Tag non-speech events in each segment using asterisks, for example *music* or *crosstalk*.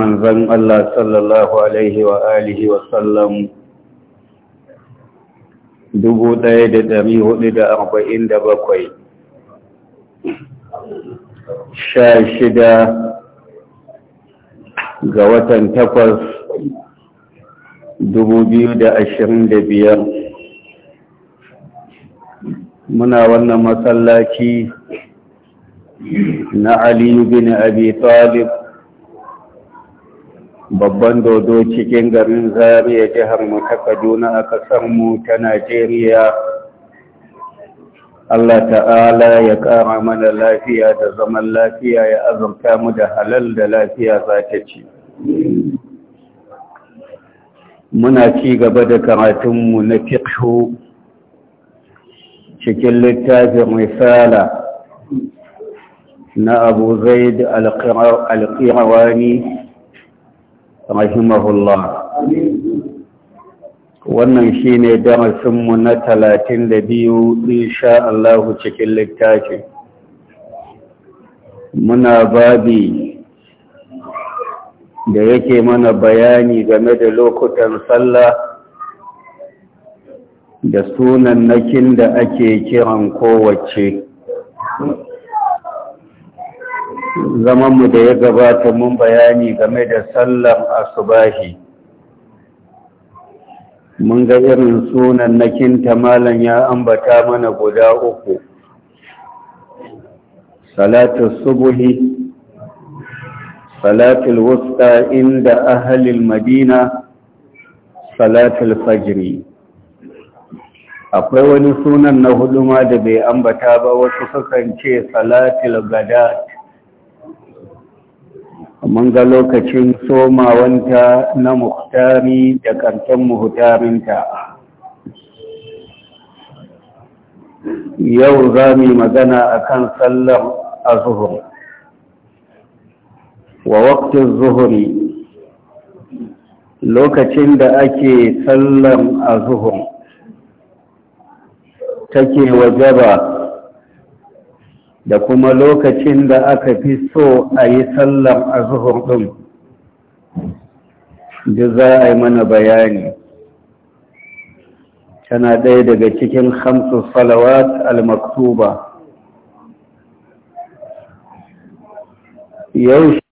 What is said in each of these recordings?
manzan Allah sallallahu Alaihi wa alihi wa sallam 1447 sha shida ga watan takwas dubu biyu da ashirin da biyar muna wannan masallaci na aliyu bin abi talib babban dodo cikin garin zariya jihar mu kaduna a kasar mu ta najeriya Allah ta'ala ya ƙara mana lafiya da zaman lafiya ya azurta mu da halal da lafiya za ta ci. Muna ci gaba da karatunmu na fiqhu cikin littafin misala. na Abu Zaid al-Qirawani rahimahullah wannan shi shine mu na talatin da biyu sha Allahu cikin littafi muna babi da yake mana bayani game da lokutan sallah da sunan nakin da ake kiran kowace zamanmu da ya gabata mun bayani game da sallar asubahi mun ga irin sunan na kinta malam ya ambata mana guda uku salatu subuhi salatul wusta inda ahalil madina salatul fajri akwai wani sunan na huduma da bai ambata ba wasu sukan ce salatul gada mun ga lokacin somawanta na muhtari da ƙarshen muhtarinta yau za mu magana akan sallar azuhur wa waktin zuhuri lokacin da ake sallar azuhur take wajaba da kuma lokacin da aka fi so a yi sallar a zuhur ɗin duk za a yi mana bayani tana ɗaya daga cikin hamsu salawat al-maktuba yau shi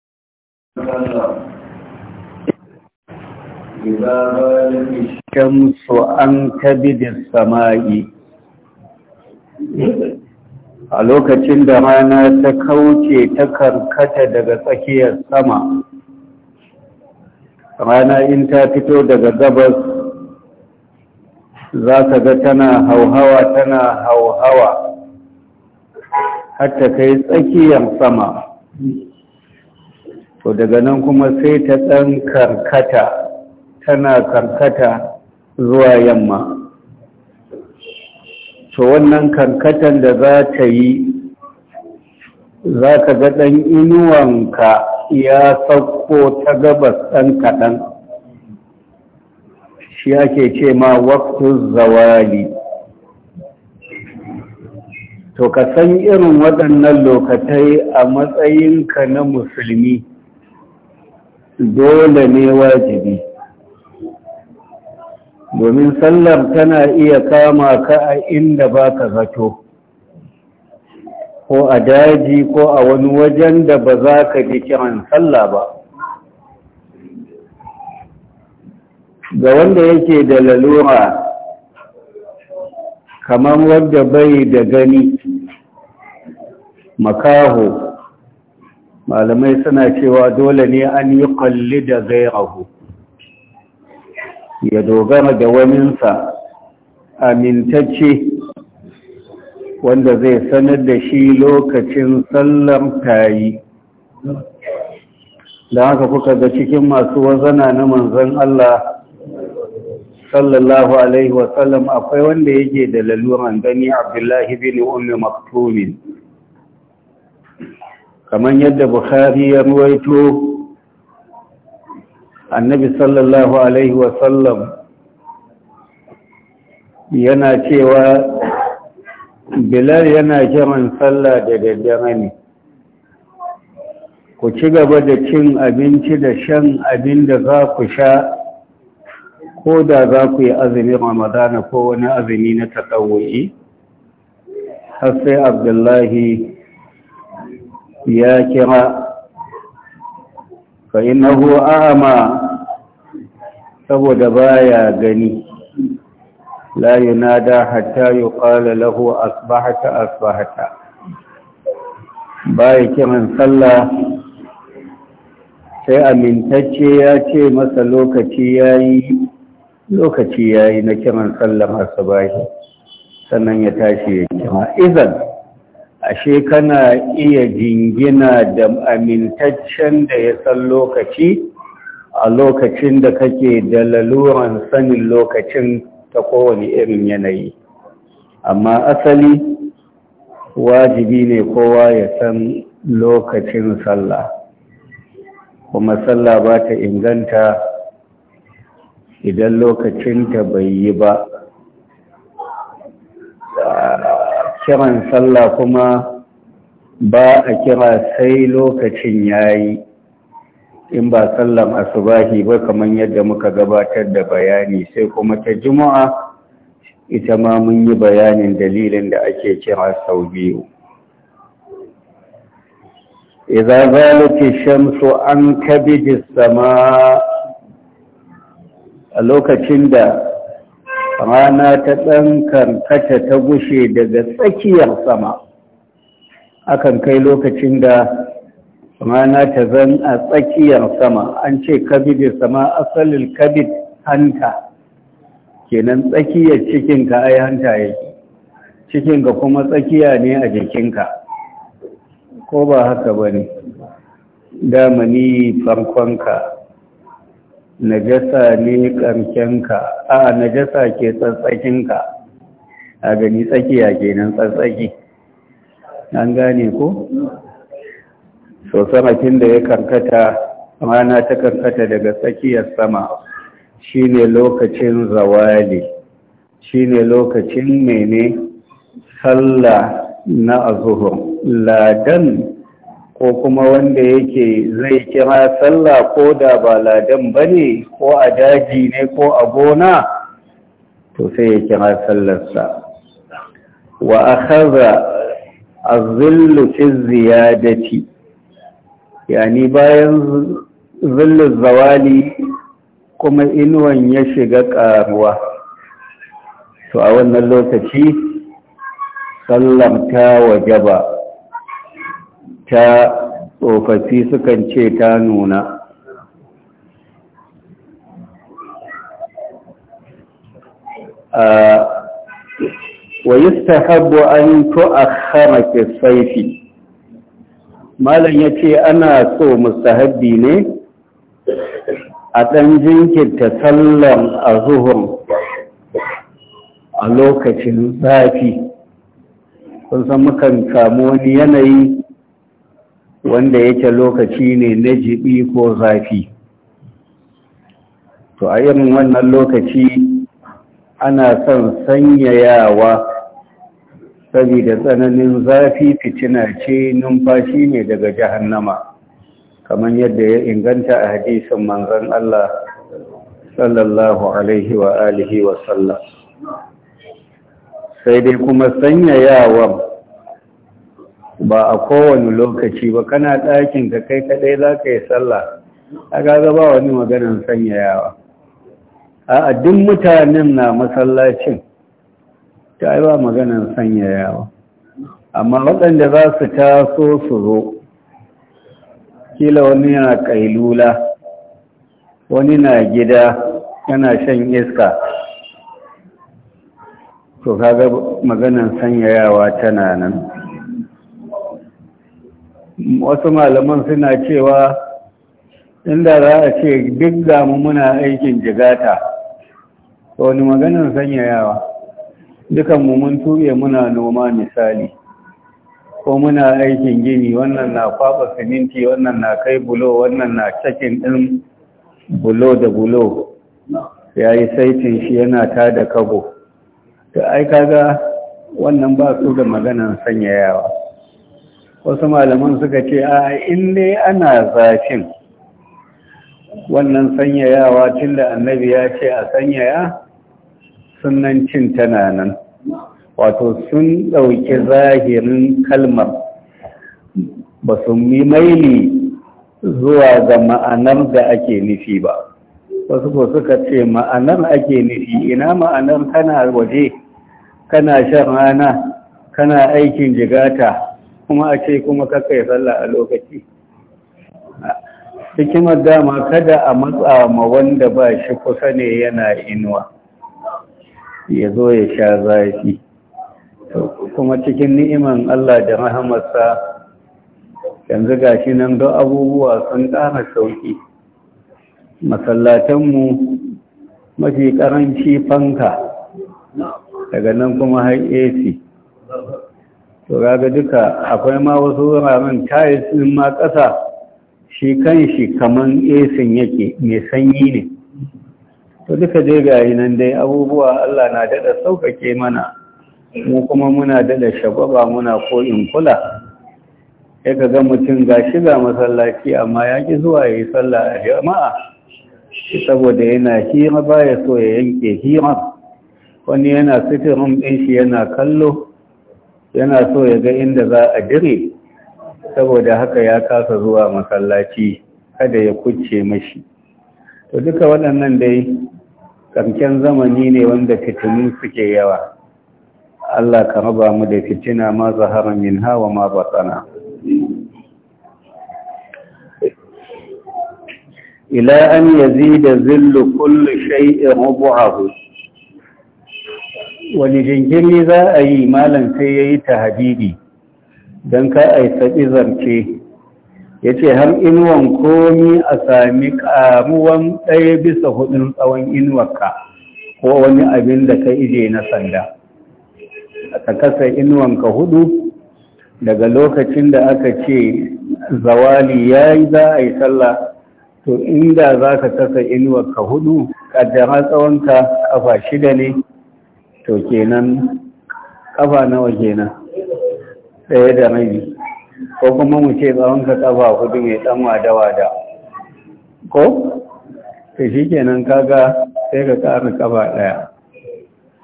shamsu an kabi da sama'i a lokacin da rana ta kauce ta karkata daga tsakiyar sama rana in ta fito daga gabas za ka ga tana hauhawa tana hauhawa hatta kai tsakiyar sama to daga nan kuma sai ta ɗan karkata tana karkata zuwa yamma to wannan kankatan da za ta yi za ka ga ɗan inuwanka ya sauko ta gabas ɗan kaɗan shi ake ce ma waktun zawali to ka san irin waɗannan lokatai a matsayinka na musulmi dole ne wajibi domin sallar tana iya kama ka a inda ba ka zato ko a daji ko a wani wajen da ba za ka ji kiran sallah ba ga wanda yake da lalura kamar wadda bai da gani makaho malamai suna cewa dole ne an yi kalli da gairahu ya dogara da waninsa amintacce wanda zai sanar da shi lokacin sallar tayi da haka kuka ga cikin masu wazana na manzan Allah sallallahu alaihi wasallam akwai wanda yake da laluran gani abdullahi bin ummi maktumin kamar yadda bukhari ya ruwaito annabi sallallahu alaihi wasallam yana cewa bilal yana kiran sallah da daddare ne ku ci gaba da cin abinci da shan abin da za ku sha ko da za ku yi azumin ramadana ko wani azumi na taɗawo'i har sai abdullahi ya kira fa innahu a'ma saboda baya gani la yunada hatta yuqala lahu asbahta asbahta baya kiran sallah sai amintacce ya ce masa lokaci yayi lokaci yayi na kiran sallah bai sannan ya tashi ya kira idan ashe kana iya jingina da amintaccen da ya san lokaci a lokacin da kake da laluran sanin lokacin ta kowane irin yanayi amma asali wajibi ne kowa ya san lokacin sallah kuma sallah ba ta inganta idan lokacinta bai yi ba kiran sallah kuma ba a kira sai lokacin yayi in ba sallan asubahi ba kamar yadda muka gabatar da bayani sai kuma ta juma'a ita ma mun yi bayanin dalilin da ake kira sau biyu idza zalati shamsu an kabidis sama a lokacin da rana ta ɗan karkata ta gushe daga tsakiyar sama akan kai lokacin da rana ta zan a tsakiyar sama an ce kabid sama asalin kabid hanta kenan tsakiyar cikinka ai hanta yake cikinka kuma tsakiya ne a jikinka ko ba haka ba ne damani farkonka najasa ne ƙarshenka a najasa ke tsatsakinka a gani tsakiya kenan tsatsaki an gane ko? so da ya karkata rana ta karkata daga tsakiyar sama shine lokacin zawali shine lokacin mene sallah na azuhur ladan ko kuma wanda yake zai kira sallah ko da ba ladan ba ne ko a daji ne ko a gona to sai ya kira sallarsa wa akhadha az zill fi ziyadati yani bayan zill zawali kuma inuwan ya shiga karuwa to a wannan lokaci sallam ta wajaba ta tsofaffi sukan ce ta nuna wa habu an tu'akhkhara ke saifi? malam ce ana so mustahabbi ne a dan jinkirta a zuhun a lokacin zafi sun san mukan samu wani yanayi wanda yake lokaci ne na jibi ko zafi to a yin wannan lokaci ana son sanyayawa saboda tsananin zafi fitina ce numfashi ne daga jahannama kamar yadda ya inganta a hadisin manzon Allah sallallahu alaihi wa alihi wa sallam sai dai kuma sanyayawa ba a kowane lokaci ba kana ɗakin ka kai kaɗai za ka yi sallah a gaza ba wani maganin sanyayawa a duk mutanen na masallacin ta yi ba maganin sanyayawa amma waɗanda za su taso su zo kila wani yana ƙailula wani na gida yana shan iska to kaga maganan sanyayawa tana nan wasu malaman suna cewa inda za a ce duk damu muna aikin jigata wani maganin sanyayawa dukan mun tuye muna noma misali ko muna aikin gini wannan na kwaba siminti wannan na kai bulo wannan na cikin ɗin bulo da bulo ya yi saitin shi yana ta da kago ta aika ga wannan ba su da maganan sanyayawa wasu malaman suka ce a in ne ana zafin wannan sanyayawa tunda da annabi ya ce a sanyaya sunan cin tana nan wato sun ɗauki zahirin kalmar ba su maili zuwa ga ma'anar da ake nufi ba wasu ko suka ce ma'anar ake nufi ina ma'anar kana waje kana shan rana kana aikin jigata kuma a ce kuma kaka ya sallah a lokaci hikimar dama kada a matsa ma wanda ba shi kusa ne yana inuwa ya zo ya sha zafi kuma cikin ni'iman Allah da rahamarsa yanzu gashi nan don abubuwa sun ƙara sauƙi masallatanmu mafi ƙaranci fanka daga nan kuma har AC to raga duka akwai ma wasu wuraren tayis ɗin ma ƙasa shi kan shi kaman esin yake mai sanyi ne to duka dai gayi nan dai abubuwa Allah na daɗa sauƙaƙe mana mu kuma muna daɗa shagwaba muna ko in kula ya ka ga mutum ga shiga masallaci amma ya ƙi zuwa ya yi sallah a jama'a saboda yana hira baya so ya yanke hira wani yana sitirin ɗin shi yana kallo yana so ya ga inda za a dire saboda haka ya kasa zuwa masallaci kada ya kucce mashi to duka waɗannan dai kamken zamani ne wanda fitinu suke yawa Allah ka raba mu da fitina ma zahara min hawa ma batana ila an yazida zillu kulli shay'in rubu'ahu wani jinkiri za a yi malam sai ya yi tahadidi don ka a yi zarce ya ce har inuwan komi a sami kamuwan ɗaya bisa hudun tsawon inuwarka ko wani abin da ka ije na sanda ka kasa ka hudu daga lokacin da aka ce zawali ya yi za a yi sallah to inda za ka kasa inuwarka hudu tsawon ka kafa shida ne to kenan kafa nawa kenan ɗaya da rabi ko kuma mu ce tsawon ka kafa hudu mai ɗan wada-wada ko to shi kenan kaga sai ka ƙara kafa ɗaya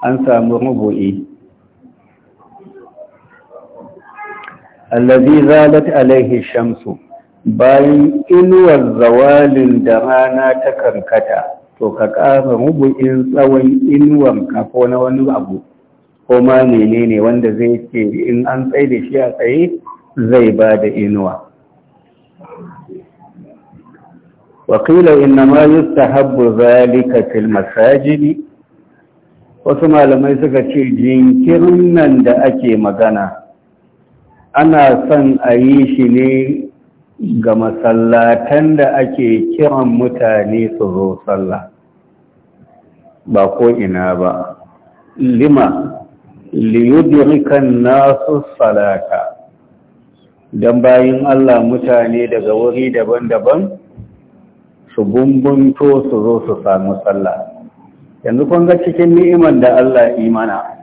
an samu rubu'i allazi zalat alaihi shamsu bayan inuwar zawalin da rana ta karkata to ka ƙara rubu'in tsawon inuwan ka ko na wani abu ko ma menene wanda zai ce in an tsaye da shi a tsaye zai ba da inuwa wakila inna ma Habu zalika fil masajidi wasu malamai suka ce jinkirin nan da ake magana ana son a yi shi ne ga masallatan da ake kiran mutane su zo sallah ba ko ina ba lima liyudrikan nasu salata don bayin Allah mutane daga wuri daban-daban su bumbunto su zo su samu sallah yanzu kun cikin ni'imar da Allah imana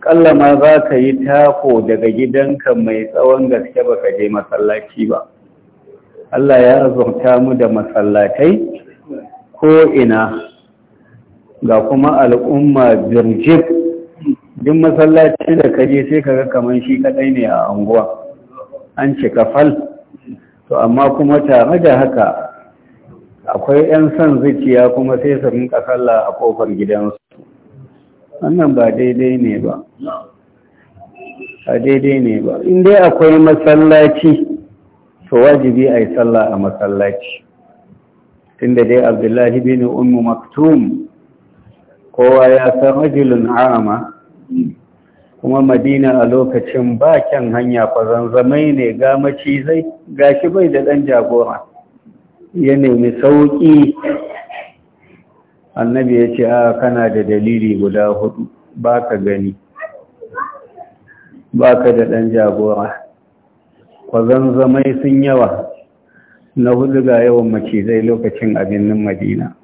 Ƙalla ma za ka yi tako daga gidanka mai tsawon gaske ba ka je masallaci ba Allah ya azurta mu da masallatai ko ina ga kuma al'umma birjik duk masallaci da ka je sai ga kamar shi kaɗai ne a anguwa an cika fal to amma kuma tare da haka akwai 'yan son zuciya kuma sai su rinka sallah a kofar gidansu wannan ba daidai ne ba a daidai ne ba in akwai masallaci to wajibi a yi sallah a masallaci tunda dai abdullahi bin umu maktum kowa ya san rajulun arama kuma madina a lokacin ba hanya zanzamai ne ga macizai gashi bai da ɗan jagora ya nemi sauƙi annabi ya ce a ah, kana da dalili guda hudu ba ka gani ba ka da ɗan jagora kwazanzamai sun yawa na hudu ga yawan macizai lokacin abinnin madina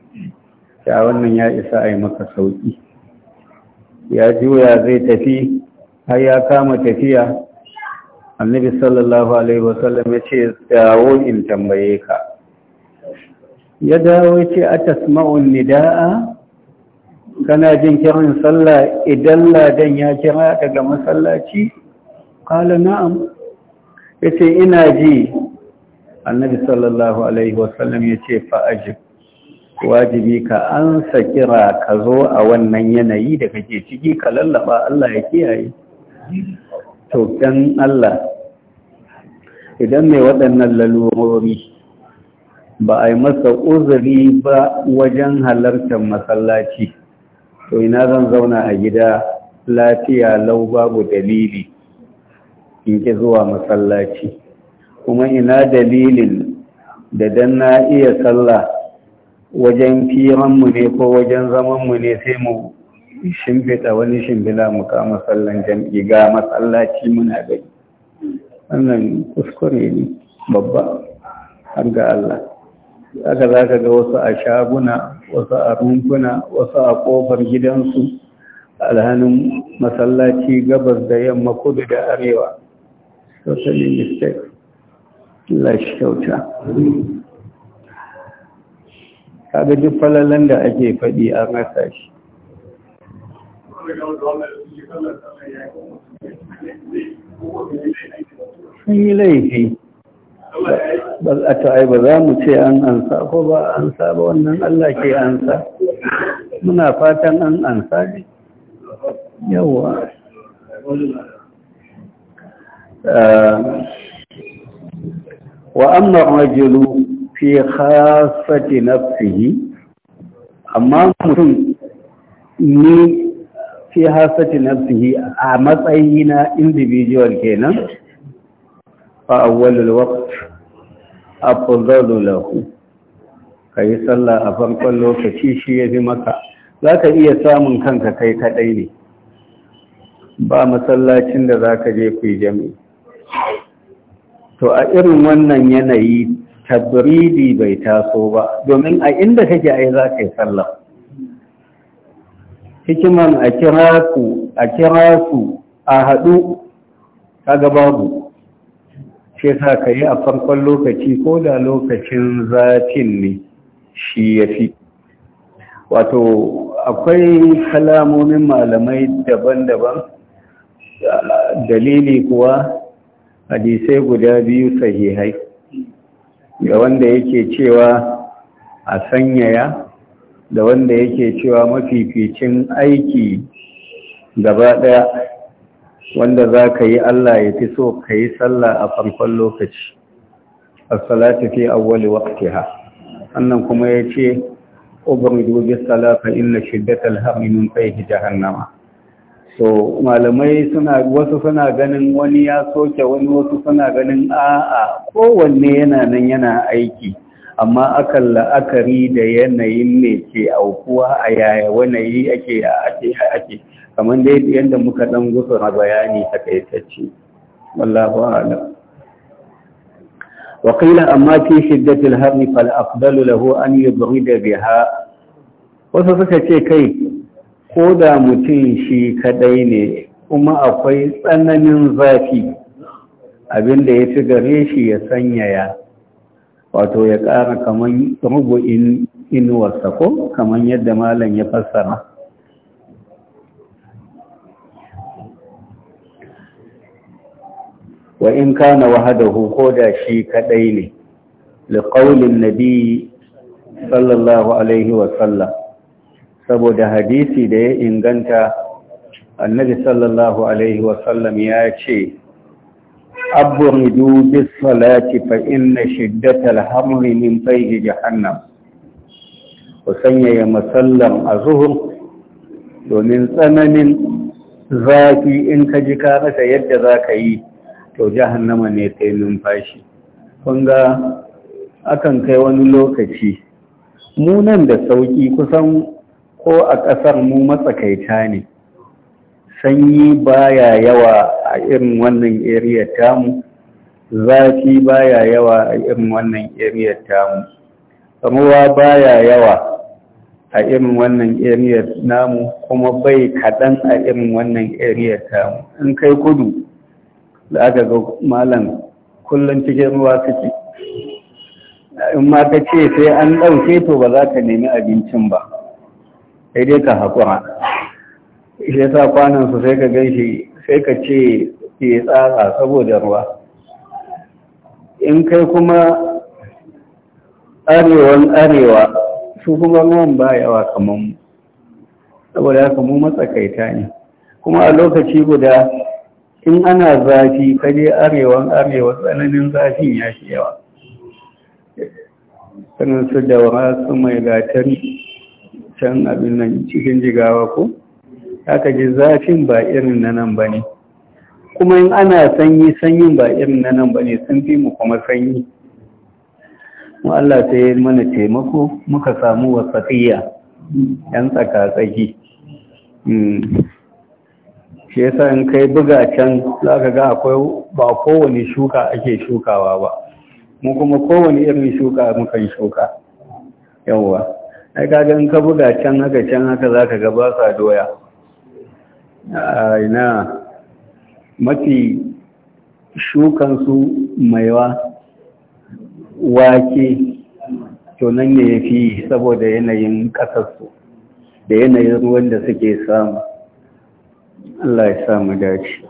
ta wannan ya isa a yi maka sauƙi ya juya zai tafi har ya kama tafiya annabi sallallahu alaihi wasallam ya ce dawo in tambaye ka ya dawo ce a tasma'un nida'a kana jin kiran sallah idan ladan ya kira daga masallaci kala na'am Ya ce ina ji annabi sallallahu alaihi wasallam yace fa ajib wajibi ka ansa kira ka zo a wannan yanayi da kake ciki ka lallaba Allah ya kiyaye to dan Allah idan mai waɗannan lalurori ba a yi masa uzuri ba wajen halartar masallaci to ina zan zauna a gida lafiya lau babu dalili in ki zuwa masallaci kuma ina dalilin da dan na iya sallah wajen firanmu ne ko wajen zamanmu ne sai mu shimfiɗa wani shimfiɗa mu kama sallan jam'i ga masallaci muna gani wannan kuskure ne babba har ga Allah aka za ka ga wasu a shaguna wasu a rumfuna wasu a ƙofar gidansu alhanin masallaci gabas da yamma kudu da arewa totally mistake lashi kyauta kaga duk falalan da ake faɗi a rasa shi sun yi laifi ba ai ba za mu ce an ansa ko ba ansa ba wannan Allah ke ansa muna fatan an ansa ne yawa eh, wa amma rajulu fi khasati nafsihi amma mutum ni fi hasati nafsihi a matsayina individual kenan فأول الوقت أفضل له sallah a farkon lokaci shi yafi za ka iya samun kanka kai kaɗai ne ba masallacin da za ka je ku jami to a irin wannan yanayi tabridi bai taso ba domin a inda kake ai za ka yi sallah hikiman a kira ku a kira su a haɗu kaga babu shi sa ka yi a farkon lokaci ko da lokacin zatin ne shi ya fi wato akwai kalamomin malamai daban-daban dalili kuwa hadisai guda biyu sahihai ga wanda yake cewa a sanyaya da wanda yake cewa mafificin aiki gaba ɗaya wanda za ka yi Allah ya fi so ka yi sallah a farkon lokaci a salatu fi awwali waqtiha annan kuma ya ce ubridu bis salafa inna shiddatal hammi min fayhi jahannama so malamai suna wasu suna ganin wani ya soke wani wasu suna ganin a'a kowanne yana nan yana aiki amma akan la'akari da yanayin ne ke aukuwa a yaya wanayi ake ake ake kamar dai yadda muka dan gusa na bayani takaitacce wallahu a'lam wa qila amma fi shiddati al-harr fal afdalu lahu an yubghida biha wasu suka ce kai ko da mutum shi kadai ne kuma akwai tsananin zafi abinda ya fi gare shi ya sanyaya wato ya ƙara kamar rubu'in inuwarsa ko kamar yadda malam ya fassara wa in kana wahadahu ko da shi kadai ne liqaulin nabi sallallahu alaihi wa sallam saboda hadisi da ya inganta annabi sallallahu alaihi wa sallam ya ce abridu bis salati fa inna shiddatal hamri min fayhi jahannam ku sanyaya masallan azhur domin tsananin zafi in ka ji ka rasa yadda za ka yi to jahannama ne ta yi numfashi Kunga akan kai wani lokaci mu nan da sauƙi kusan ko a ƙasar mu matsakaita ne sanyi baya yawa a irin wannan area tamu zafi baya yawa a irin wannan area tamu ruwa baya yawa a irin wannan area namu kuma bai kaɗan a irin wannan area tamu in kai kudu da aka ga malam kullum cikin ruwa kake in ma ka ce sai an ɗauke to ba za ka nemi abincin ba sai dai ka haƙura Ya sa kwanansu sai ka gan shi sai ka ce ke tsara saboda ruwa in kai kuma arewan arewa su kuma ruwan ba yawa kamar mu saboda haka mu matsakaita ne kuma a lokaci guda in ana zafi kaje arewan arewa tsananin zafin ya shi yawa sanin su da su mai gatar can abin nan cikin jigawa ko Haka ji zafin ba irin na nan ba ne kuma in ana sanyi sanyin ba irin na nan ba ne sun fi mu kuma sanyi mu Allah ta yi mana taimako muka samu wasafiya yan tsaka tsaki hmm. shi yasa in kai buga can za ka ga akwai ba kowane shuka ake shukawa ba mu kuma kowane irin shuka mukan shuka yawwa ai kaga in ka buga can haka can haka za ka ga ba sa doya ah, ina mafi shukansu maiwa wake to ne ya fi saboda yanayin ƙasarsu da yanayin ruwan da suke samu Allah ya sa mu dace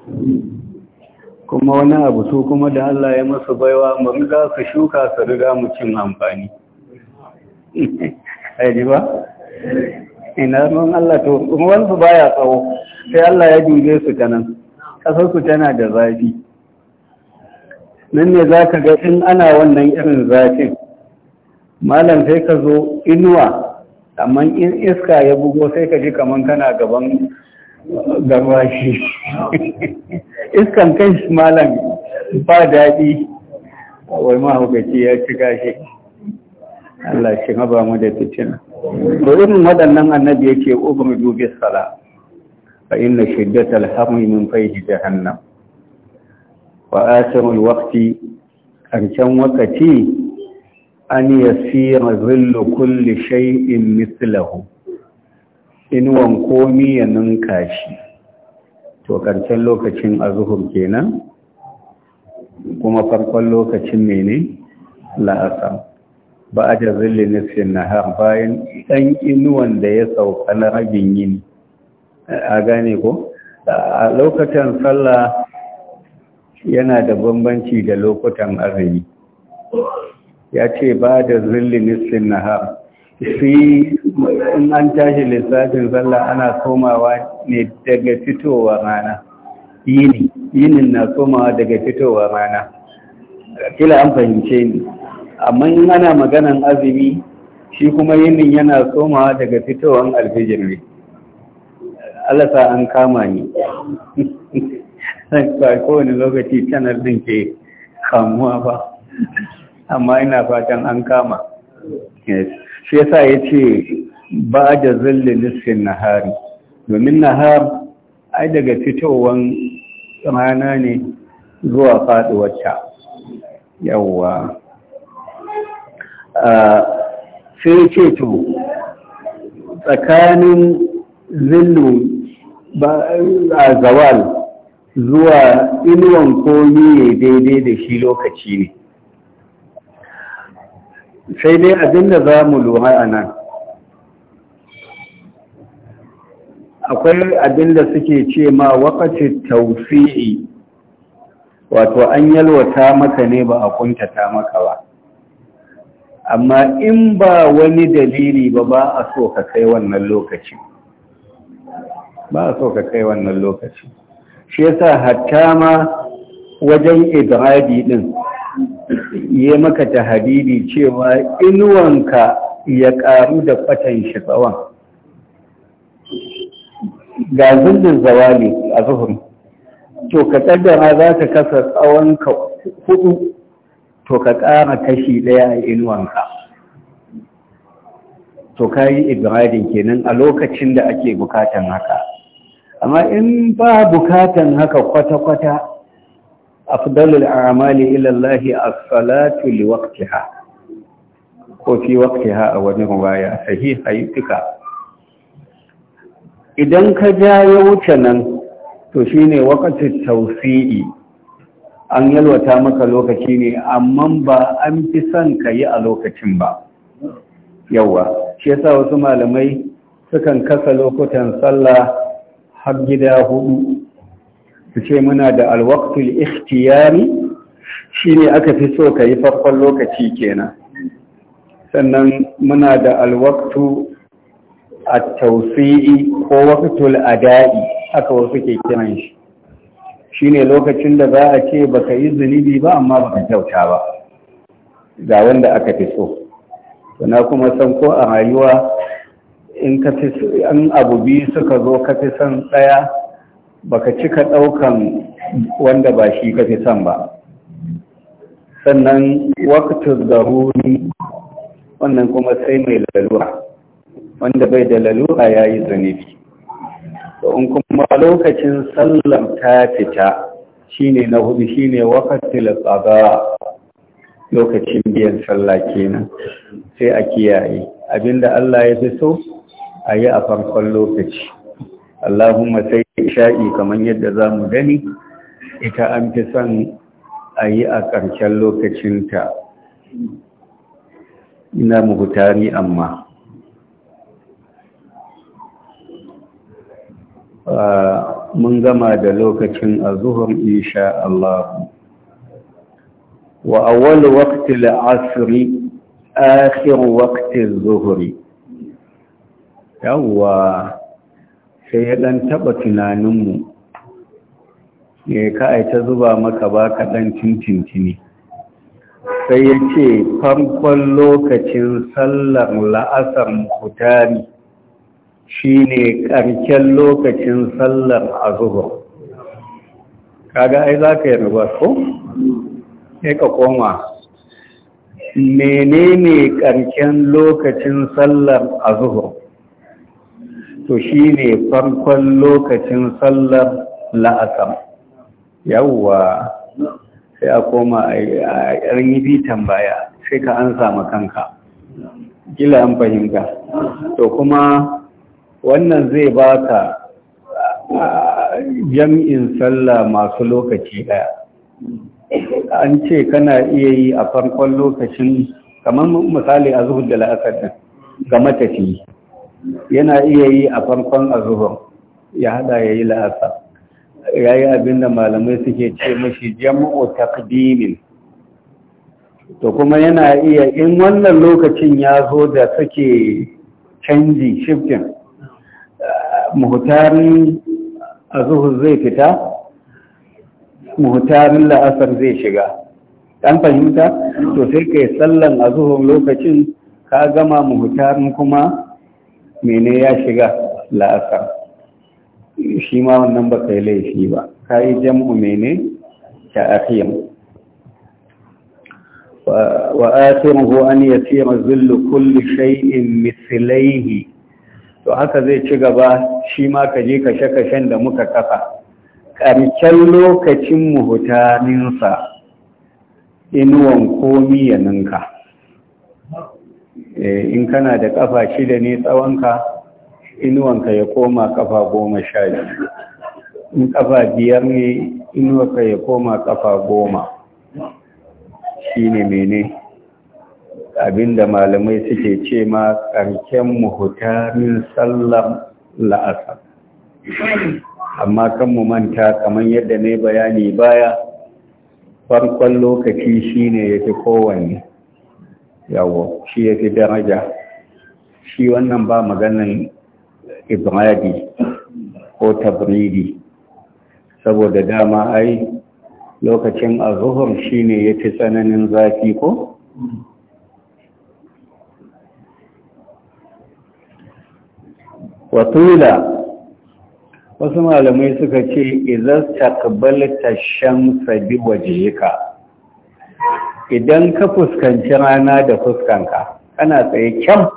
kuma wani abu su kuma da Allah ya masu baiwa mu za su shuka su riga mu cin amfani aji *laughs* ba ina ruwan Allah to kuma wani su baya tsawo sai Allah ya dube su ta nan kasar ku tana da zafi nan ne za ka ga in ana wannan irin zafin malam sai ka zo inuwa amma in iska ya bugo sai ka ji kaman kana gaban gama shi iskan kan shi malam ba daɗi wai mahaukaci ya ci gashi Allah shi haba mu da fitina to irin waɗannan annabi yake ukum dubi sala fa inna shiddatal hammi min fayhi jahannam wa asirul waqti kancan wakati an yasira zillu kulli shay'in mithlahu inuwan komi ya ninka shi to karshen lokacin azuhur kenan kuma farkon lokacin mene la'asa ba a da zille na har. bayan ɗan inuwan da ya sauka na rabin yin, a gane ko a lokacin sallah yana da bambanci da lokutan azumi ya ce ba da zille na har. shi in an tashi lissafin sallah ana komawa ne daga fitowa rana yini yinin na komawa daga fitowa rana kila an fahimce ni amma in ana maganan azumi shi kuma yinin yana komawa daga fitowan alfijir ne Allah sa an kama ni *laughs* ba kowane lokaci canar din ke kamuwa ba amma ina fatan an kama yes shi yasa ya ce ba a da zalle nisfin nahari domin nahar ai daga fitowar rana ne zuwa faduwarta yawwa sai ce to tsakanin zillu a zawal zuwa inuwan komi ne daidai da shi lokaci ne sai dai abin da za mu lura a nan akwai abin da suke ce ma wakacin taufi'i wato an yalwata maka ne ba a kuntata maka ba amma in ba wani dalili ba ba a so ka kai wannan lokaci ba a so ka kai wannan lokaci shi yasa hatta ma wajen idradi din yi maka hadidi cewa inuwanka ya karu da kwatan shi tsawon ga zundin zawali a zuhur to ka kaddara za ka kasa tsawonka hudu to ka kara kashi daya a inuwanka to ka yi ibradin kenan a lokacin da ake bukatan haka amma in ba bukatan haka kwata-kwata أفضل الأعمال إلى الله الصلاة لوقتها وفي وقتها أو رواية صحيحة يتكى idan ka jayo wuce nan to shine waqatul tawfi'i an yalwata maka lokaci ne amma ba an fi son ka yi a lokacin ba yawa shi yasa wasu malamai sukan kasa lokutan sallah har gida hudu su ce muna da alwaktul ikhtiyari shine aka fi so ka yi farkon lokaci kenan sannan muna da alwaktu a tausi'i ko waktul ada'i aka wasu ke kiran shi shine lokacin da za a ce baka yi zunubi ba amma baka kyauta ba ga wanda aka fi so na kuma san ko a rayuwa in abu biyu suka zo kafi fi son ɗaya baka cika ɗaukan wanda ba shi ka fi son ba sannan waktu zaruri wannan kuma sai mai lalura wanda bai da lalura ya yi zanibi in kuma lokacin sallar ta fita shine na hudu shine waktu tsada lokacin biyan sallah kenan sai a kiyaye abinda Allah ya fi so a yi a farkon lokaci Allahumma sai sha'i kamar yadda za mu gani ita an fi son a yi a ƙarshen lokacinta ina muhutari amma mun gama da lokacin a zuhun insha Allah wa awwal waqti al-asri akhir waqti az-zuhri yawwa sai ya ɗan taɓa tunaninmu ya ka'ai ta zuba maka ba kaɗan cincintini sai ya ce farkon lokacin sallar la'asar mutane shi ne ƙarshen lokacin sallar azubar kaga ai za ka yi ko? sai ka koma menene ƙarshen lokacin sallar azuhu to shi ne farkon lokacin sallar la'asar yawwa sai a koma a yi bitan baya sai ka an samu kanka gila an fahimta to kuma wannan zai baka jam'in sallah masu lokaci daya an ce kana iya yi a farkon lokacin kamar misali a zuhud da la'asar ga matafiyi yana iya yi a farkon azuhur ya hada ya yi la'asa ya yi abinda malamai suke ce mashi jam'u takdimin to kuma yana iya in wannan lokacin ya zo da suke canji shifkin muhutarin azuhur zai fita muhutarin la'asar zai shiga ɗan fahimta to sai ka yi sallan azuhur lokacin ka gama muhutarin kuma mene ya shiga la'asar shi ma wannan ba kai laifi ba ka yi jam'u mene ta akiyam wa hu an yasira zullu kulli shay'in mislaihi to haka zai ci gaba shi ma ka je kashe-kashen da muka kafa ƙarshen lokacin muhutaninsa inuwan komi ya ninka Eh, in kana da kafa shida ne tsawonka inuwanka ya koma kafa goma sha biyu in kafa biyar ne inuwanka ya koma kafa goma shi ne mene abinda malamai suke ce ma karken muhutarin sallar la'asar amma kan mu manta kamar yadda na bayani baya farkon lokaci shine ya fi kowanne yawo shi ya fi daraja shi wannan ba maganan ibradi ko tabridi saboda dama ai lokacin azuhur zuhur shi ne ya fi tsananin zafi ko? watula wasu malamai suka ce izar takbalta shamsa bi wajeka idan ka fuskanci rana da fuskanka kana tsaye kyam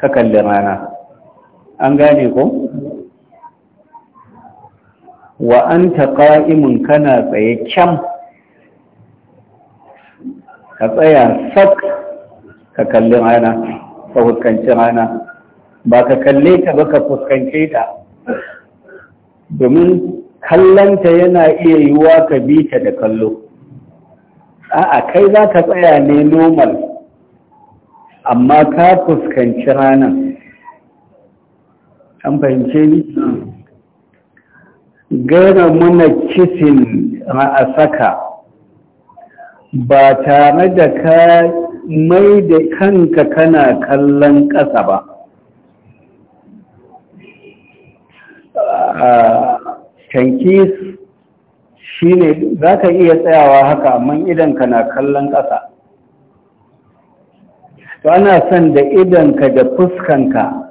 ka kalli rana an gane ko wa an qa'imun kana tsaye kyam ka tsaya sak ka kalli rana ka fuskanci rana ba ka kalle ta ba ka fuskance ta domin kallanta yana iya yiwuwa ka bi ta da kallo a'a kai za ka tsaya ne normal amma ka fuskanci ranar an fahimce ni gana muna kisin ra'asaka ba tare da ka mai da kanka kana kallon ƙasa ba ah, tankis Shi ne za ka iya tsayawa haka amma idanka na kallon ƙasa to ana son da idanka da fuskanka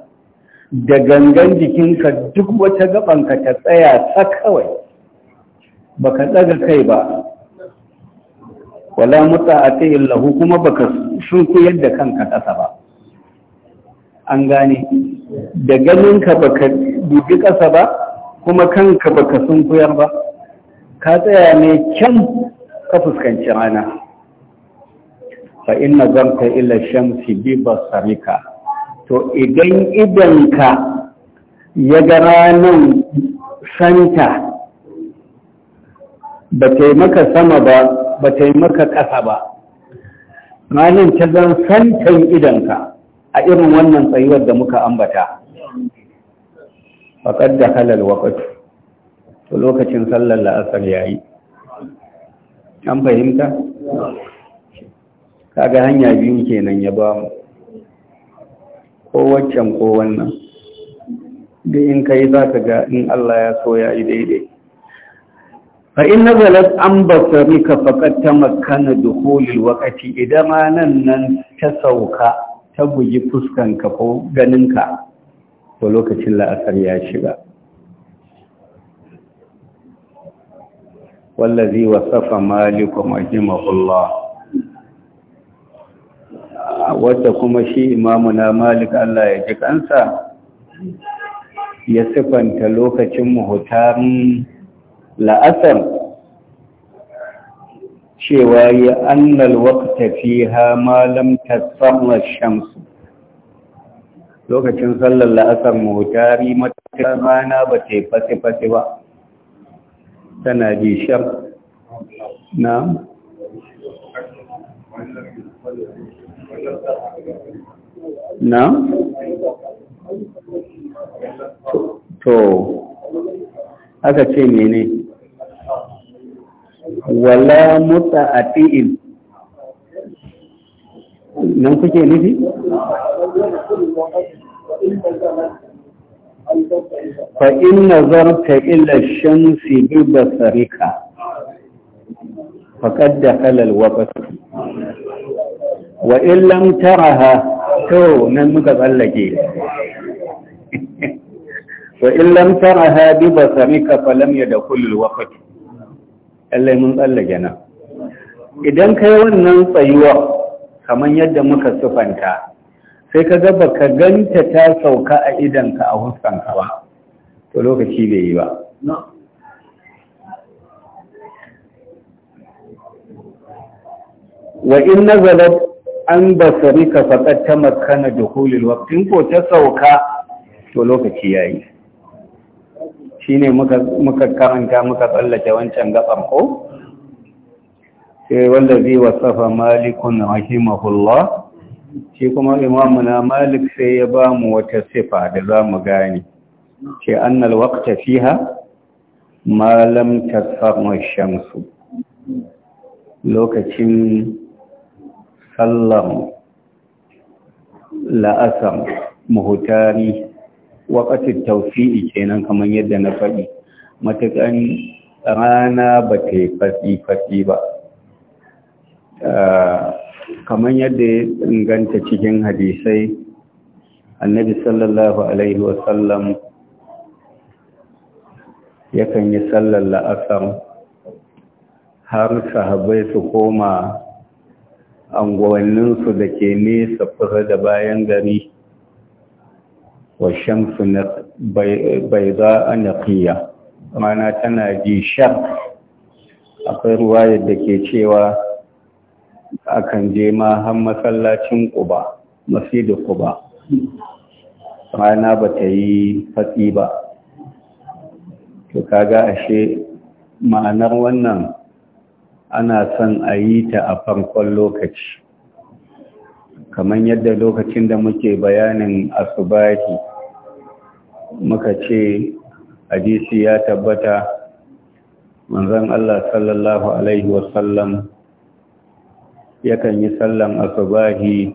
da gangan jikinka duk wata gabanka ta tsaya ta kawai Ba ka tsaga kai ba wala a muta'ati illahu kuma baka sunkuyar da kanka ƙasa ba an gane da ganinka baka dubi ƙasa ba kuma kanka baka sunkuyar ba ka tsaya ne kyan ka fuskanci rana fa inna zanka ila shamsi bi basarika to idan idanka ya ga ranan santa ba ta yi maka sama ba ba ta yi maka ƙasa ba ranan ta zan santan idanka a irin wannan tsayuwar da muka ambata faƙad da halal waƙatu to lokacin sallar la'asar ya yi an fahimta? kaga hanya biyu kenan ya ba mu kowaccen kowannan da in kai za ka ga in Allah ya so ya yi daidai fa in nazalat an basari ka faƙar ta makana da holil wakati idan ma nan nan ta sauka ta bugi fuskanka ko ganinka ko lokacin la'asar ya shiga وصف مالك malikum الله wata kuma shi Imamuna malik Allah ya ji kansa ya sifanta lokacin muhutarin la'asar cewa ya annal waqta fiha ma lam tasfarra shamsu lokacin sallar la'asar muhutari matakar rana ba ta yi fasi-fasi ba tana bi shar na na to aka ce mene wala mutsa a ti'in nan kuke nufi فإن نظرت إلى الشمس ببصرك فقد دخل الوقت وإن لم ترها تو نمك فلكي وإن لم ترها ببصرك فلم يدخل الوقت Allah من tsallake إذن كيوان ننصيوه kaman yadda muka sufanta sai ka ga baka ganta ta sauka a idanka a huskanka ba to lokaci bai yi ba wa in nazalat an basarika faqad tamakkana dukhulil waqt in ko ta sauka to lokaci yayi shine muka muka karanta muka tsallake wancan gaban ko sai wallazi wasafa malikun rahimahullah shi kuma imamu na malik sai ya ba mu wata sifa da za mu gani ce annal waqta fiha malam ta tasfamu shamsu lokacin sallam la'asam muhutari wakati taufi'i kenan kamar yadda na faɗi matakan rana ba ta yi fasi-fasi ba ah, kamar yadda ya inganta cikin hadisai annabi sallallahu alaihi wasallam yakan yi sallar la'asar har sahabai su koma anguwanninsu da ke nesa kusa da bayan gari wa shamsu bai za a naƙiya mana tana ji shak akwai ruwa da ke cewa akan je ma har masallacin ƙuba masjidu ƙuba rana ba ta yi fatsi ba to kaga ashe ma'anar wannan ana son a yi ta a farkon lokaci kamar yadda lokacin da muke bayanin asubahi muka ce hadisi ya tabbata manzon Allah sallallahu alaihi wasallam yakan yi sallan asubahi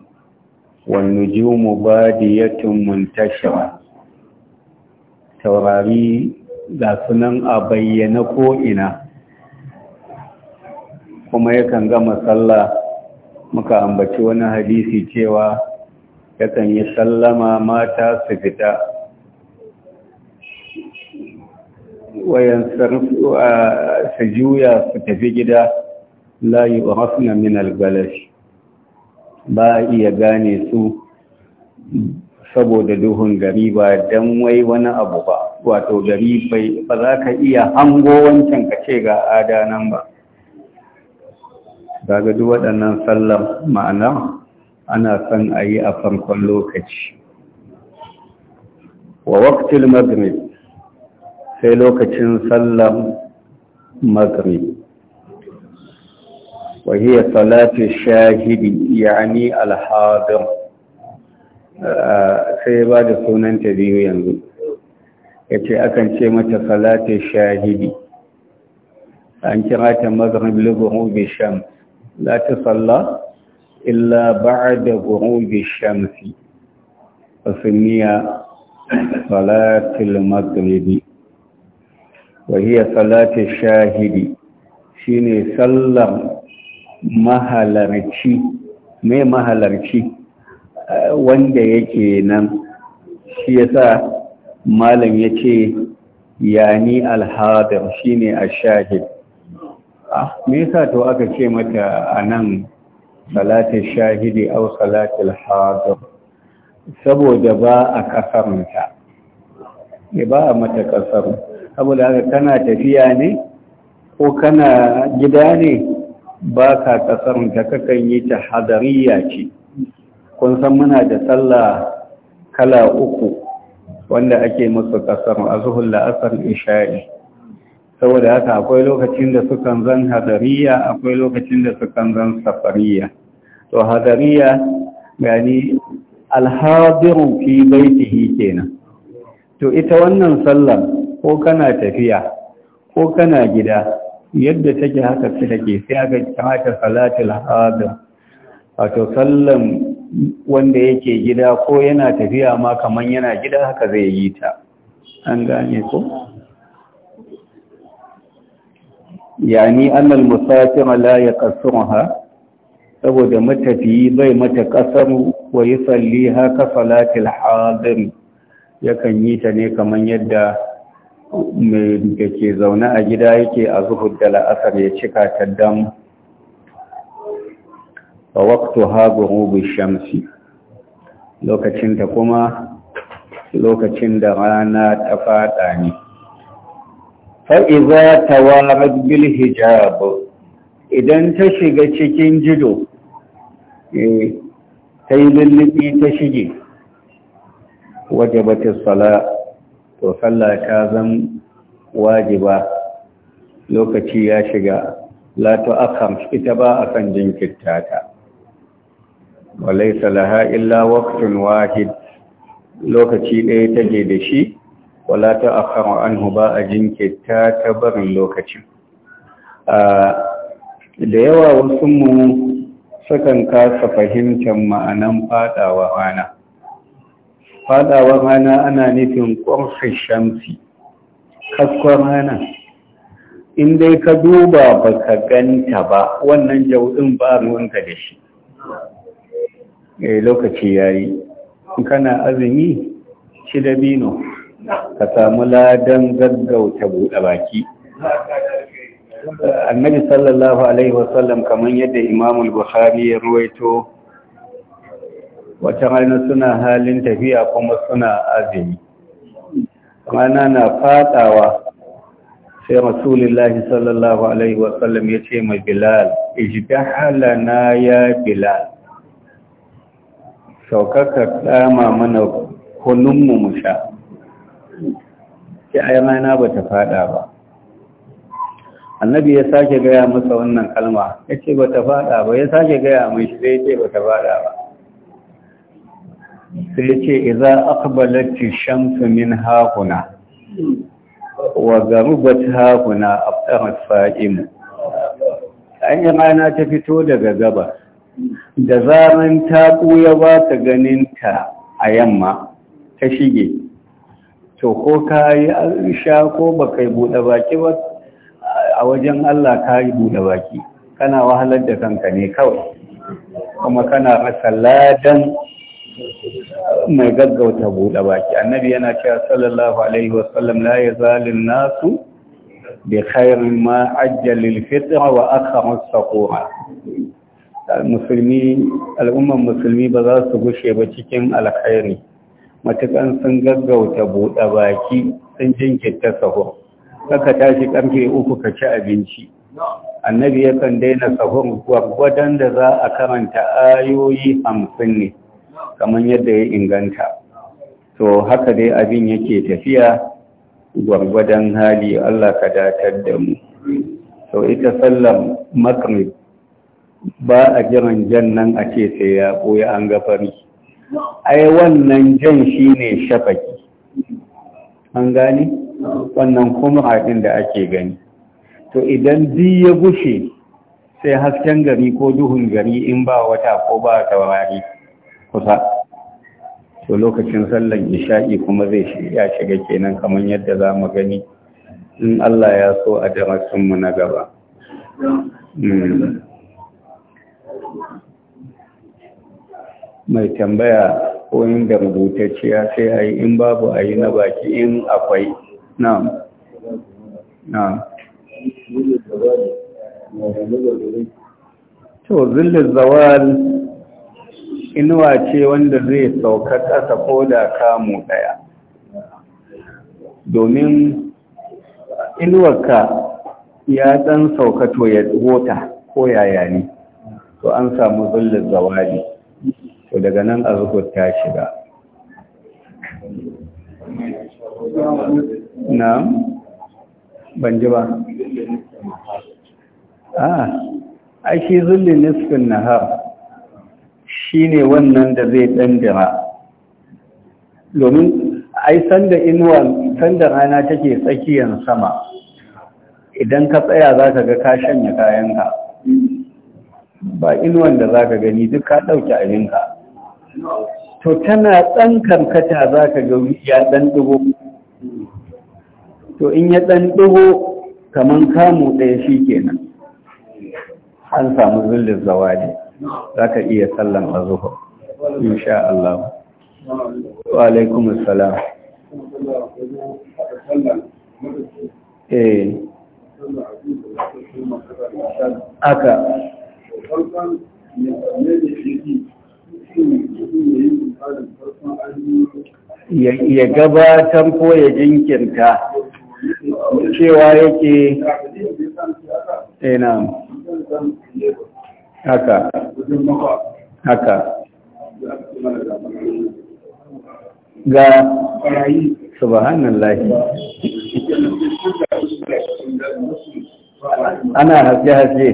jumu nujumu badiyatun muntashara taurari ga sunan a bayyana ko'ina kuma yakan gama sallah muka ambaci wani hadisi cewa yakan yi sallama mata su fita wayan ah, su juya su tafi gida la yu'rafna min al ba ba iya gane su saboda duhun gari ba dan wai wani abu ba wato gari bai ba za ka iya hango wancan ka ce ga ada ba daga duk waɗannan sallar ma'ana ana son a yi a farkon lokaci wa waktil magrib sai lokacin sallar magrib وهي صلاة الشاهد يعني الحاضر sai ba da sunanta biyu yanzu ya ce akan ce mata salatin shahidi an kira ta mazhab lugurubi shams la ta salla illa ba'da gurubi shamsi wasuniya salatul maghribi wa hiya salatin shahidi shine sallar mahalarci mai mahalarci eh, wanda yake nan shi yasa malam ya ce yani alhadar shi ne a shahid ah, me yasa to aka ce mata a nan salatul shahidi au salatar hadar saboda ba a kasarunta e, ba a mata kasar saboda haka kana tafiya ne ko kana gida ne ba ka da kakan yi ta hadariya ce kun san muna da sallah kala uku wanda ake musu kasar a zuhun la'asar isha'i saboda haka akwai lokacin da su kan zan hadariya akwai lokacin da su kan zan safariya to hadariya gani alhadirun fi baitihi kenan to ita wannan sallar ko kana tafiya ko kana gida yadda take haka su take sai aka kamata salatul hadir wato sallan wanda yake gida ko yana tafiya ma kaman yana gida haka zai yi ta an gane ko yani annal musafir la yaqsurha saboda matafiyi bai mata ƙasar wa yusalliha ka salatul hadir yakan yi ta ne kaman yadda mai da ke zaune a gida yake a zuhud da la'asar ya cika ta dam a waktu hagu shamsi lokacinta kuma lokacin da rana ta fada ne za ta wara bil idan ta shiga cikin jido eh, ta yi lullubi ta shige wajabatar sala to sallah ta zan wajiba lokaci ya shiga la tu'akhkham ita ba a kan jinkirta ta walaysa laha illa waqtun wahid lokaci ɗaya take da shi wala ta'akhkhar anhu ba a jinkirta ta barin lokacin da yawa wasu mu sukan kasa fahimtar ma'anan fadawa rana faɗawar rana ana nufin ƙwarfin shamsi kaskon rana in dai ka duba ba ka ganta ba wannan jauɗin ba ruwanka da shi eh, lokaci ya yi kana azumi ci dabino ka samu ladan gaggauta buɗe baki annabi sallallahu alaihi wasallam kamar yadda imamul Buhari ya ruwaito wata rana suna halin tafiya kuma suna azumi rana na fadawa sai rasulullahi sallallahu alaihi wasallam ya ce ma bilal ijdahalana ya bilal saukaka dama mana kununmu mu sha sai ai rana ba ta fada ba annabi ya sake gaya masa wannan kalma ya ce ba ta fada ba ya sake gaya mai shi ya ce ba ta fada ba sai ce iza aqbalati shamsu min hahuna wa garubat a aftarat sa'imu an yi rana ta fito daga gabas da zaran ta ɓuya ba ta ganin ta a yamma ta shige to ko ka yi sha ko ba kai buɗe baki ba a wajen Allah ka yi buɗe baki kana wahalar da kanka ne kawai kuma kana rasa ladan mai gaggauta buɗe baki annabi yana cewa sallallahu alaihi sallam, la yazalun nasu bi khairin ma ajjalil fitra wa akhara saqura musulmi al'umman musulmi ba za su gushe ba cikin alkhairi matukan sun gaggauta buɗe baki sun jinkirta sahur kaka tashi karfe uku ka ci abinci annabi yakan daina sahur gwargwadon da za a karanta ayoyi hamsin ne kamar yadda ya inganta to haka dai abin yake tafiya gwargwadon hali Allah ka datar da mu to ita sallar magrib ba a jiran jan nan a ce sai ya ɓoye an gafari ai wannan jan shine shafaki an gani wannan kuma haɗin da ake gani to idan ji ya gushe sai hasken gari ko duhun gari in ba wata ko ba taurari kusa to lokacin sallan isha'i kuma zai ya shiga kenan kamar yadda za mu gani in Allah ya so a mu na gaba hmm. mai tambaya ko inda rubutacciya sai a yi in babu ayi na baki in akwai na'am na'am to zillin zawal inuwa ce wanda zai sauka ƙasa ko da kamu ɗaya domin inuwarka ya ɗan sauka to ya wota ko yaya ne to an samu zullun zawali to daga nan a ta shiga na ban ji ba a ah, shi zullun nisfin nahar Shi ne wannan da zai ɗandira domin ai sanda inuwa sanda rana take tsakiyar sama idan ka tsaya za ka ga ka shanya kayanka ba inuwan da za ka gani duk ka ɗauki abinka to tana ɗan karkata za ka ga ya ɗan ɗigo to in ya ɗan ɗigo kamar kamu ɗaya shi kenan an samu zullin ne za ka iya sallan a zuhur insha Allah wa alaikum assalam eh aka ya gabatar ko ya jinkirta cewa yake ina eh, haka haka ga subhanallah ana haske-haske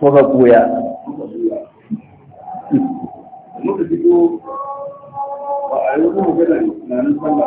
kuka koya muka hmm. ko ba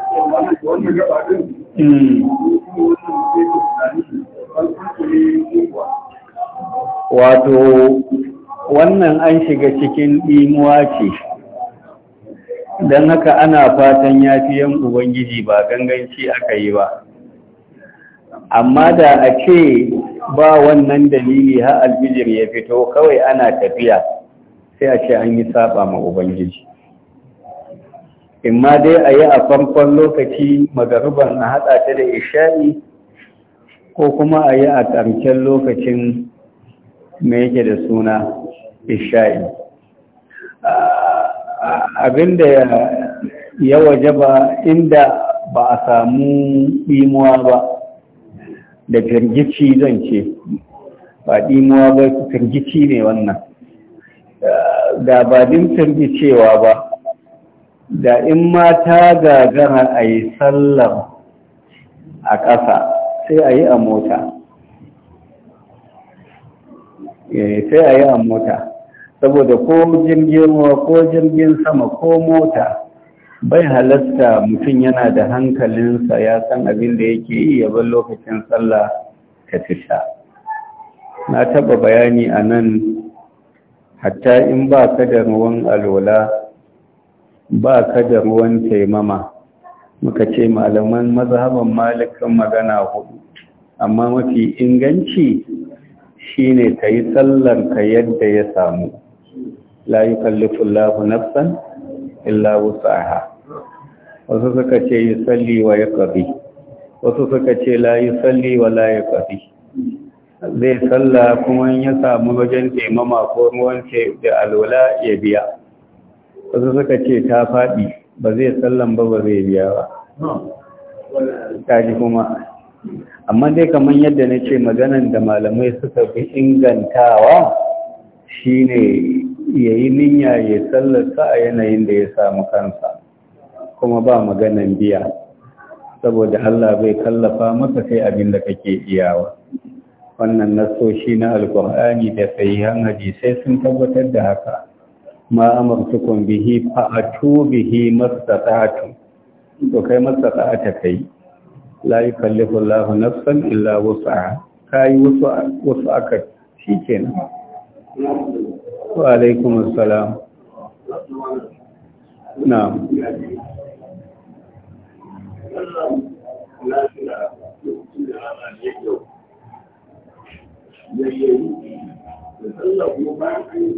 Hmm. wato wannan an shiga cikin ɗimuwa ce don haka ana fatan ya fi yan ubangiji ba ganganci aka yi ba amma da a ce ba wannan dalili ha albijir ya fito kawai ana tafiya sai a ce an yi saba ma ubangiji in ma dai a yi a farkon lokaci magaruban na haɗa ta da isha'i ko kuma a yi a ƙarshen lokacin mai yake da suna isha'i abinda ya waje ba inda ba a samu ɗimuwa ba da firgici zan ce ba ɗimuwa ba firgici ne wannan da ba din firgicewa ba da in mata gagara a yi sallar a ƙasa sai a yi a mota eh, sai a yi a mota saboda ko jirgin ruwa ko jirgin sama ko mota bai halasta mutum yana da hankalinsa ya san abin da yake yi ya bar lokacin sallah ta tisha na taba bayani a nan hatta in ba ka da ruwan alwala ba ka da ruwan taimama muka ce malaman mazhaban malikan magana hudu amma mafi inganci shine ka yi sallar ka yadda ya samu la yukallifu lafi nafsan illa wusaha wasu suka ce yi salli wa ya ƙafi wasu suka ce la yi salli wa la ya ƙafi zai salla kuma ya samu wajen taimama ko ruwan ce da alwala ya biya wasu suka ce ta faɗi ba zai sallan ba ba zai biya ba kaji kuma amma dai kamar yadda na ce maganan da malamai suka fi ingantawa shi ne ya yi niyya ya sallarsa a yanayin da ya samu kansa kuma ba maganan biya saboda Allah bai kallafa maka sai abin da kake iyawa wannan nasoshi na alkur'ani da sahihan sai sun tabbatar da haka ma amartukum bihi fa atu bihi mastata'tu to kai mastata'ata kai la yukallifu Allahu nafsan illa wus'aha kai wasu aka shikenan wa alaikum assalam na'am da Allah kuma yi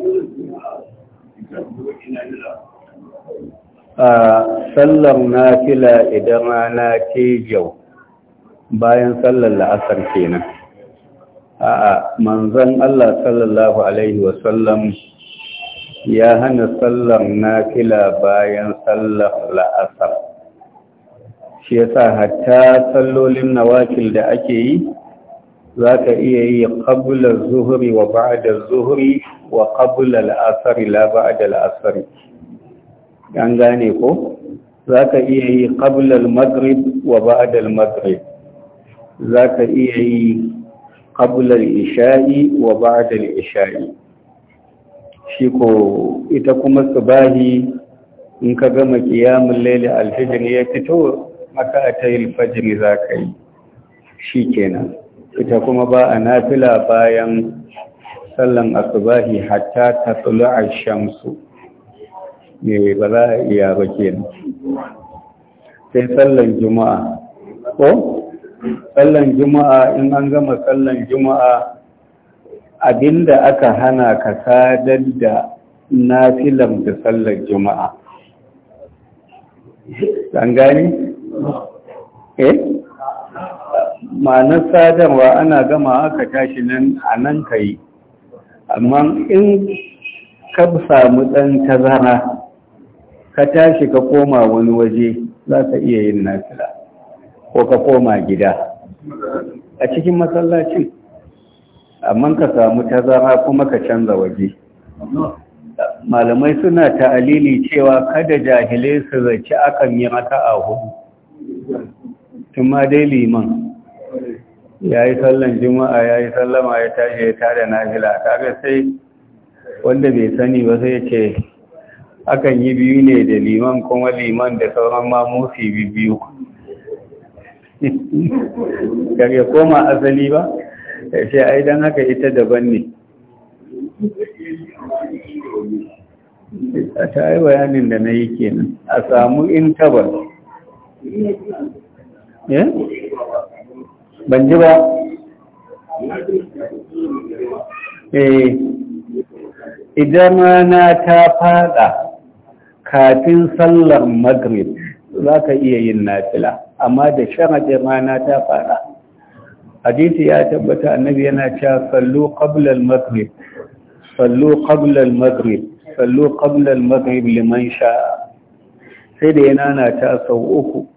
a sallar nafila idan rana ke jau bayan sallar la'asar kenan a'a manzon Allah sallallahu alaihi wasallam ya hana sallar nafila bayan sallar la'asar shi sa hatta sallolin nawakil da ake yi za ka iya yi qabla zuhuri wa ba'da zuhuri. wa qabla la'asari asr la ba'da al an gane ko zaka iya yi qabla al wa ba'da al Za zaka iya yi qabla ishai wa ba'da ishai shi ko ita kuma subahi in ka gama ƙiyamin layl al ya fito maka atayil fajr zaka yi kenan. ita kuma ba a nafila bayan sallan asubahi hatta ta tsulu a shamsu mai ba za a iya ba ke sai sallan juma'a ko sallan juma'a in an gama sallan juma'a abinda aka hana ka sadar da nafilan da sallan juma'a an gani? eh ma'anar sadarwa ana gama aka tashi nan a nan ka yi amma in ka samu ɗan tazara ka tashi ka koma wani waje za ka iya yin nasira ko ka koma gida a cikin masallacin amma ka samu tazara kuma ka canza waje malamai suna ta'alili cewa kada jahilai su zaci akan yi raka'a a hudu tun ma dai liman ya yi sallan juma'a ya yi sallama ya tashi ya tada Ta kaga sai wanda bai sani ba sai ce akan yi biyu ne da liman kuma liman da sauran mamusi biyu *laughs* kare koma asali ba ya ce ai don haka ita daban ne a *laughs* ta yi bayanin da na yi kenan a samu intabar yeah? ban ji ba eh idan rana ta fada kafin sallar maghrib za ka iya yin nafila amma da sharadin rana ta fada hadisi ya tabbata annabi yana cewa sallu qabla al-maghrib sallu qabla al-maghrib sallu qabla al-maghrib liman sha sai da yana na ta sau uku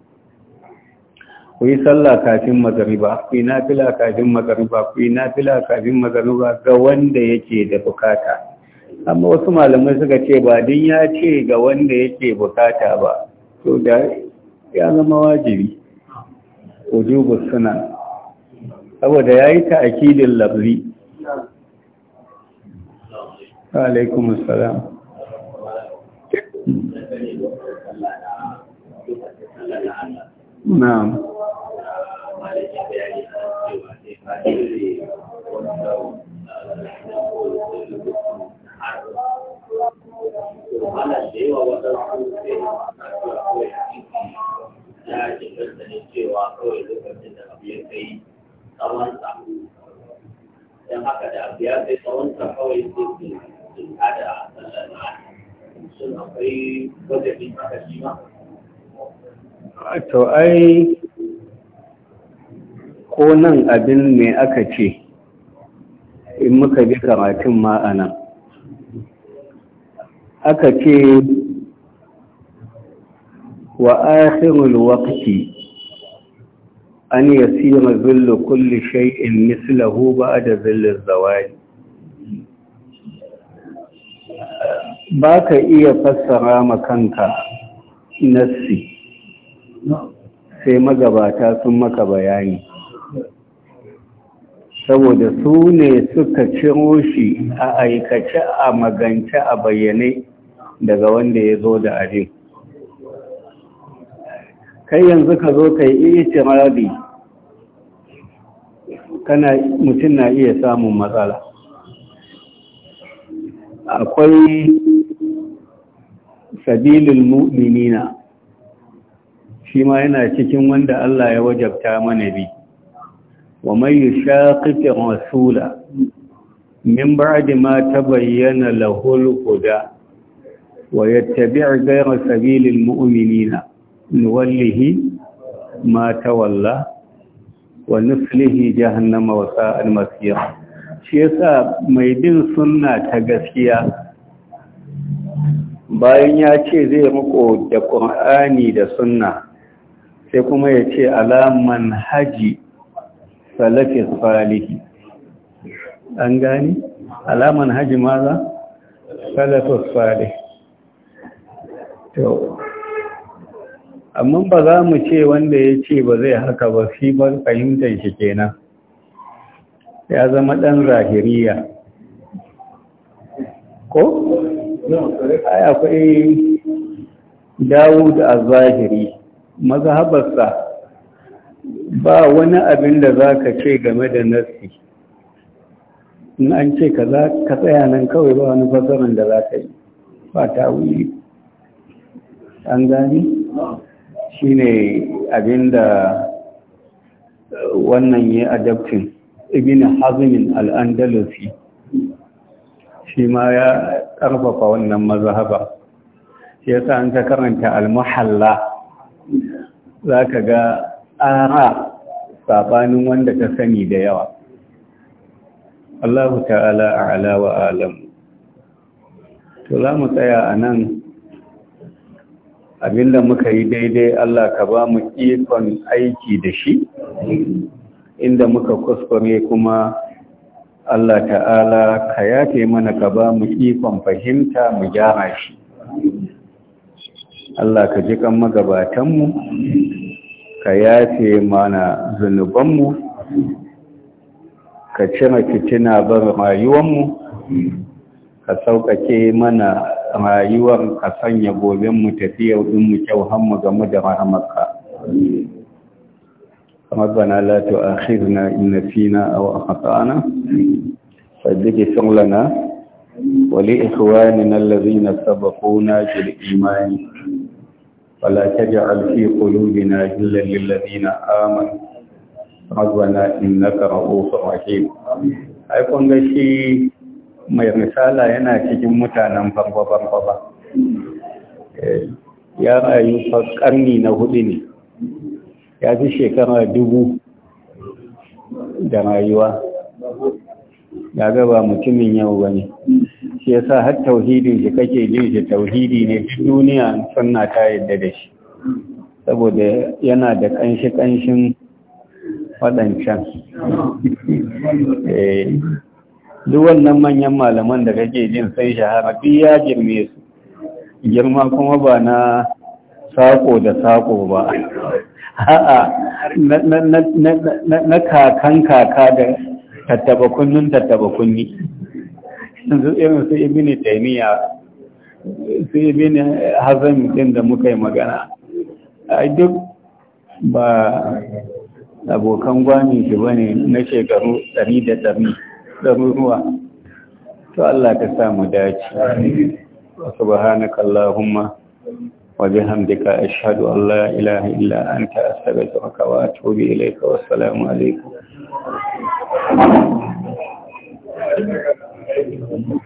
ku yi sallah kafin magariba ku yi nafila kafin magariba ku yi nafila kafin magariba ga wanda yake da bukata amma wasu malamai suka ce ba din ya ce ga wanda yake bukata ba to da ya zama wajibi wujubu suna saboda yayi ta'akidin labri alaikum salam na'am a a akwai to ai ko nan abin me aka ce in muka bi karatun ma'ana aka ce wa akhirul waqti an yasira zillu kulli shay'in mislahu ba'da zillin zawali ba ka iya fassara ma kanka nassi sai magabata sun maka bayani saboda su ne suka ciro shi a aikace a magance a bayyane daga wanda ya zo da abin kai yanzu ka zo ka yi itirari kana mutum na iya samun matsala akwai sabilin mu'minina shi ma yana cikin wanda Allah ya wajabta mana biyu. ومن يشاقق الرسول من بعد ما تبين له الهدى ويتبع غير سبيل المؤمنين نوله ما تولى ونفله جهنم وساء المسير shi yasa mai bin sunna ta bayan ya ce zai riko da ƙur'ani da sunna sai kuma ya ce alaman haji salafi salihi an gani alaman haji maza salafi salih to amma ba za mu ce wanda ya ce ba zai haka ba fi ban fahimtar shi kenan ya zama ɗan zahiriya ko? ai akwai dawud a zahiri mazhabarsa ba wani abin da za ka ce game da nassi in an ce ka tsaya nan kawai ba wani fasarin da za ka yi ba ta wuri an gani shi ne abin da wannan ya adaptin ibn hazmin al'andalusi shi ma ya ƙarfafa wannan mazhaba ya sa an ta karanta al-muhalla za ka ga ara sabanin wanda ta sani da yawa Allahu ta'ala a wa alam to za mu tsaya a nan abinda muka yi daidai Allah ka ba mu ikon aiki da shi inda muka kuskure kuma Allah ta'ala ka yafe mana ka ba mu ikon fahimta mu gyara shi Allah ka ji kan magabatanmu ka yafe mana zunubanmu ka cire fitina bar rayuwanmu ka sauƙaƙe mana rayuwar ka sanya gobenmu tafiyar ɗinmu kyau hannu game da rahamarka ربنا لا تؤاخذنا إن نسينا أو أخطأنا فادك اغفر لنا ولإخواننا الذين سبقونا بالإيمان ولا تجعل في قلوبنا إلا للذين آمنوا ربنا إنك رؤوف رحيم أي كون ga mai misala yana cikin mutanen farko-farko ba ya rayu fa karni na hudu ne ya fi shekara dubu da rayuwa ya ba mutumin yau ba ne shi yasa har tauhidin shi kake jin shi tauhidi ne duniya sunna ta yadda da shi saboda yana da kanshi kanshin waɗancan eh, duk wannan manyan malaman da kake jin sun shahara bi ya girme su girma kuma ba na sako da sako ba a'a na kakan kaka da tattaba kunnun tattaba kunni yanzu irin su ibini taimiyya su ibini din da muka yi magana a duk ba abokan gwani shi ba ne na shekaru ɗari da ɗaruruwa to Allah ka samu dace subhanaka Allahumma wa bihamdika ashhadu an la ilaha illa anta astaghfiruka tobi atubu ilayka salamu alaikum Thank you. ẹ̀yìn